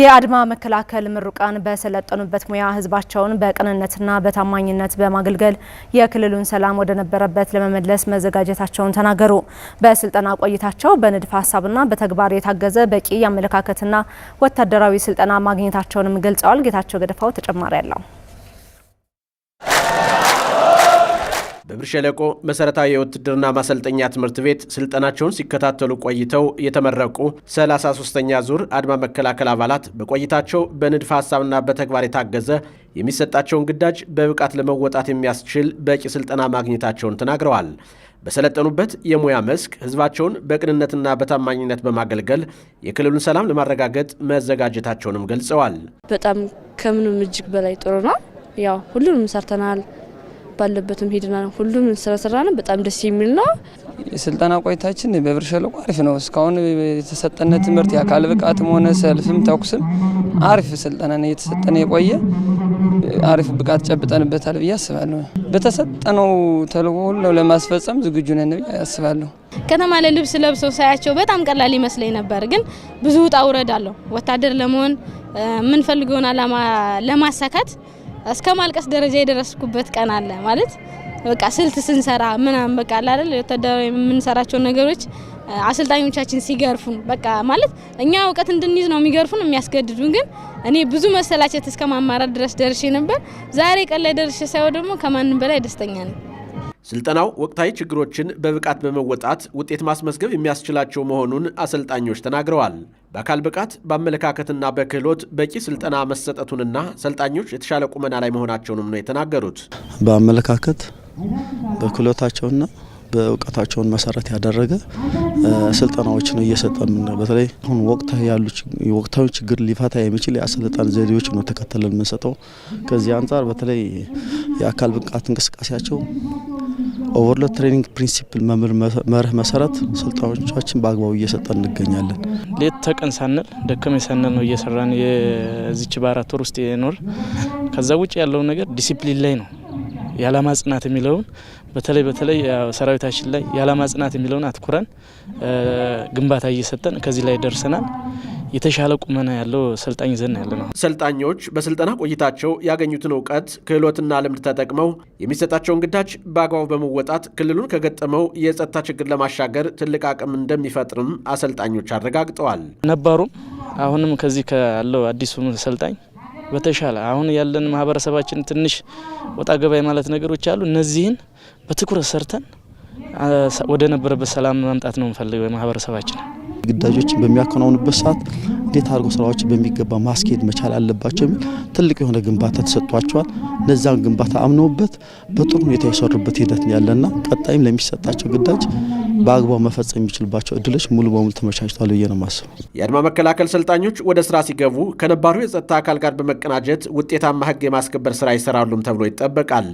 የአድማ መከላከል ምሩቃን በሰለጠኑበት ሙያ ህዝባቸውን በቅንነትና በታማኝነት በማገልገል የክልሉን ሰላም ወደነበረበት ለመመለስ መዘጋጀታቸውን ተናገሩ። በስልጠና ቆይታቸው በንድፈ ሀሳብና በተግባር የታገዘ በቂ የአመለካከትና ወታደራዊ ስልጠና ማግኘታቸውንም ገልጸዋል። ጌታቸው ገደፋው ተጨማሪ አለው። በብር ሸለቆ መሰረታዊ የውትድርና ማሰልጠኛ ትምህርት ቤት ስልጠናቸውን ሲከታተሉ ቆይተው የተመረቁ 33ኛ ዙር አድማ መከላከል አባላት በቆይታቸው በንድፈ ሀሳብና በተግባር የታገዘ የሚሰጣቸውን ግዳጅ በብቃት ለመወጣት የሚያስችል በቂ ስልጠና ማግኘታቸውን ተናግረዋል። በሰለጠኑበት የሙያ መስክ ህዝባቸውን በቅንነትና በታማኝነት በማገልገል የክልሉን ሰላም ለማረጋገጥ መዘጋጀታቸውንም ገልጸዋል። በጣም ከምንም እጅግ በላይ ጥሩ ነው። ያው ሁሉንም ሰርተናል። ባለበትም ሄድና ሁሉም ስራ ሰራን። በጣም ደስ የሚል ነው። የስልጠና ቆይታችን በብር ሸለቆ አሪፍ ነው። እስካሁን የተሰጠነ ትምህርት የአካል ብቃትም ሆነ ሰልፍም ተኩስም አሪፍ ስልጠና ነው የተሰጠነ የቆየ አሪፍ ብቃት ጨብጠንበታል ብዬ አስባለሁ። በተሰጠነው ተልዕኮ ሁሉ ለማስፈጸም ዝግጁ ነን ብዬ አስባለሁ። ከተማ ላይ ልብስ ለብሰው ሳያቸው በጣም ቀላል ይመስለኝ ነበር፣ ግን ብዙ ውጣ ውረድ አለው። ወታደር ለመሆን የምንፈልገውን አላማ ለማሳካት እስከ ማልቀስ ደረጃ የደረስኩበት ቀን አለ ማለት በቃ ስልት ስንሰራ ምናምን በቃ አለ ወታደራዊ የምንሰራቸው ነገሮች አሰልጣኞቻችን ሲገርፉን በቃ ማለት እኛ እውቀት እንድንይዝ ነው የሚገርፉን የሚያስገድዱን። ግን እኔ ብዙ መሰላቸት እስከ ማማራት ድረስ ደርሼ ነበር። ዛሬ ቀን ላይ ደርሼ ሳይሆን ደግሞ ከማንም በላይ ደስተኛ ነኝ። ስልጠናው ወቅታዊ ችግሮችን በብቃት በመወጣት ውጤት ማስመዝገብ የሚያስችላቸው መሆኑን አሰልጣኞች ተናግረዋል። በአካል ብቃት በአመለካከትና በክህሎት በቂ ስልጠና መሰጠቱንና ሰልጣኞች የተሻለ ቁመና ላይ መሆናቸውንም ነው የተናገሩት። በአመለካከት በክህሎታቸውና በእውቀታቸውን መሰረት ያደረገ ስልጠናዎች ነው እየሰጠን። በተለይ አሁን ወቅታዊ ያሉ ወቅታዊ ችግር ሊፈታ የሚችል የአሰልጣን ዘዴዎች ነው ተከተለን የምንሰጠው። ከዚህ አንጻር በተለይ የአካል ብቃት እንቅስቃሴያቸው ኦቨርሎድ ትሬኒንግ ፕሪንሲፕል መርህ መሰረት ስልጣኖቻችን በአግባቡ እየሰጠን እንገኛለን። ሌት ተቀን ሳንል ደከመኝ ሳንል ነው እየሰራን የዚች በአራት ወር ውስጥ የኖር ከዛ ውጭ ያለው ነገር ዲሲፕሊን ላይ ነው። የዓላማ ጽናት የሚለውን በተለይ በተለይ ሰራዊታችን ላይ የዓላማ ጽናት የሚለውን አትኩረን ግንባታ እየሰጠን ከዚህ ላይ ደርሰናል። የተሻለ ቁመና ያለው ሰልጣኝ ዘና ያለ ነው። ሰልጣኞች በስልጠና ቆይታቸው ያገኙትን እውቀት ክህሎትና ልምድ ተጠቅመው የሚሰጣቸውን ግዳጅ በአግባቡ በመወጣት ክልሉን ከገጠመው የጸጥታ ችግር ለማሻገር ትልቅ አቅም እንደሚፈጥርም አሰልጣኞች አረጋግጠዋል። ነባሩም አሁንም ከዚህ ካለው አዲሱ ሰልጣኝ በተሻለ አሁን ያለን ማህበረሰባችን ትንሽ ወጣ ገባይ ማለት ነገሮች አሉ። እነዚህን በትኩረት ሰርተን ወደ ነበረበት ሰላም ማምጣት ነው የምፈልገው ማህበረሰባችን ግዳጆችን በሚያከናውኑበት ሰዓት እንዴት አድርጎ ስራዎችን በሚገባ ማስኬድ መቻል አለባቸው የሚል ትልቅ የሆነ ግንባታ ተሰጥቷቸዋል። እነዚያን ግንባታ አምነውበት በጥሩ ሁኔታ የሰሩበት ሂደት ያለና ቀጣይም ለሚሰጣቸው ግዳጅ በአግባቡ መፈጸም የሚችልባቸው እድሎች ሙሉ በሙሉ ተመቻችቷል ብዬ ነው የማስበው። የአድማ መከላከል ሰልጣኞች ወደ ስራ ሲገቡ ከነባሩ የጸጥታ አካል ጋር በመቀናጀት ውጤታማ ህግ የማስከበር ስራ ይሰራሉም ተብሎ ይጠበቃል።